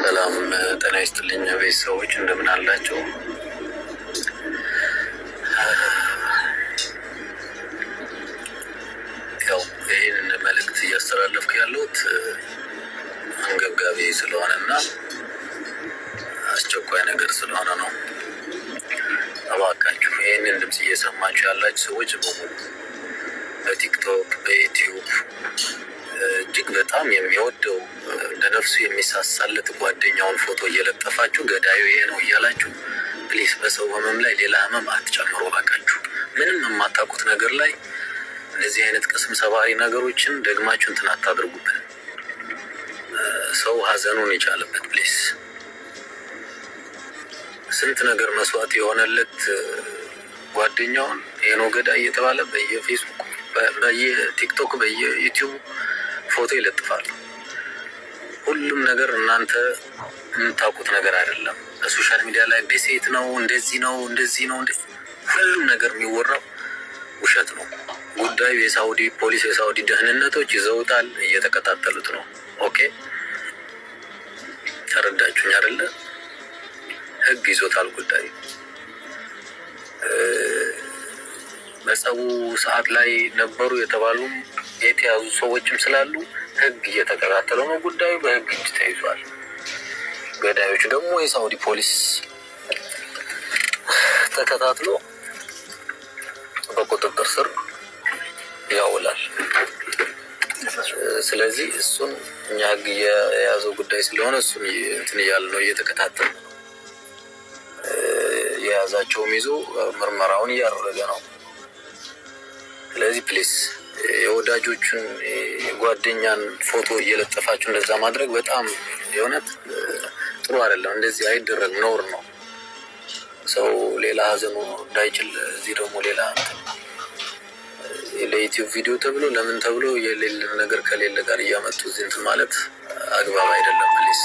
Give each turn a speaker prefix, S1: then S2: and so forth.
S1: ሰላም ጤና ይስጥልኝ ቤተሰቦች እንደምን አላቸው? ያው ይህን መልእክት እያስተላለፍኩ ያለሁት አንገብጋቢ ስለሆነ እና አስቸኳይ ነገር ስለሆነ ነው። እባካችሁ ይህንን ድምፅ እየሰማችሁ ያላችሁ ሰዎች በሙሉ በቲክቶክ በዩቲዩብ እጅግ በጣም የሚወደው እርሱ የሚሳሳለት ጓደኛውን ፎቶ እየለጠፋችሁ ገዳዩ ይሄ ነው እያላችሁ ፕሊስ፣ በሰው ህመም ላይ ሌላ ህመም አትጨምሮ ባካችሁ። ምንም የማታውቁት ነገር ላይ እነዚህ አይነት ቅስም ሰባሪ ነገሮችን ደግማችሁ እንትን አታድርጉብን። ሰው ሀዘኑን የቻለበት ፕሊስ። ስንት ነገር መስዋዕት የሆነለት ጓደኛውን ነው ገዳ እየተባለ በየፌስቡክ፣ በየቲክቶክ፣ በየዩቲዩብ ፎቶ ይለጥፋል። ሁሉም ነገር እናንተ የምታውቁት ነገር አይደለም። በሶሻል ሚዲያ ላይ ቤሴት ነው እንደዚህ ነው እንደዚህ ነው ሁሉም ነገር የሚወራው ውሸት ነው። ጉዳዩ የሳውዲ ፖሊስ የሳውዲ ደህንነቶች ይዘውታል፣ እየተከታተሉት ነው። ኦኬ ተረዳችሁኝ አይደለ? ህግ ይዞታል ጉዳዩ። በጸቡ ሰዓት ላይ ነበሩ የተባሉም የተያዙ ሰዎችም ስላሉ ህግ እየተከታተለው ነው ጉዳዩ በህግ እጅ ተይዟል። ገዳዮቹ ደግሞ የሳውዲ ፖሊስ ተከታትሎ በቁጥጥር ስር ያውላል። ስለዚህ እሱን እኛ ህግ የያዘው ጉዳይ ስለሆነ እሱን እንትን እያል ነው እየተከታተል ነው። የያዛቸውም ይዞ ምርመራውን እያደረገ ነው። ስለዚህ ፕሊስ የወዳጆቹን ጓደኛን ፎቶ እየለጠፋችሁ እንደዛ ማድረግ በጣም የእውነት ጥሩ አይደለም። እንደዚህ አይደረግ፣ ነውር ነው። ሰው ሌላ ሀዘኑ እንዳይችል እዚህ ደግሞ ሌላ ለዩቲዩብ ቪዲዮ ተብሎ ለምን ተብሎ የሌለ ነገር ከሌለ ጋር እያመጡ እዚህ እንትን ማለት አግባብ አይደለም ፕሊስ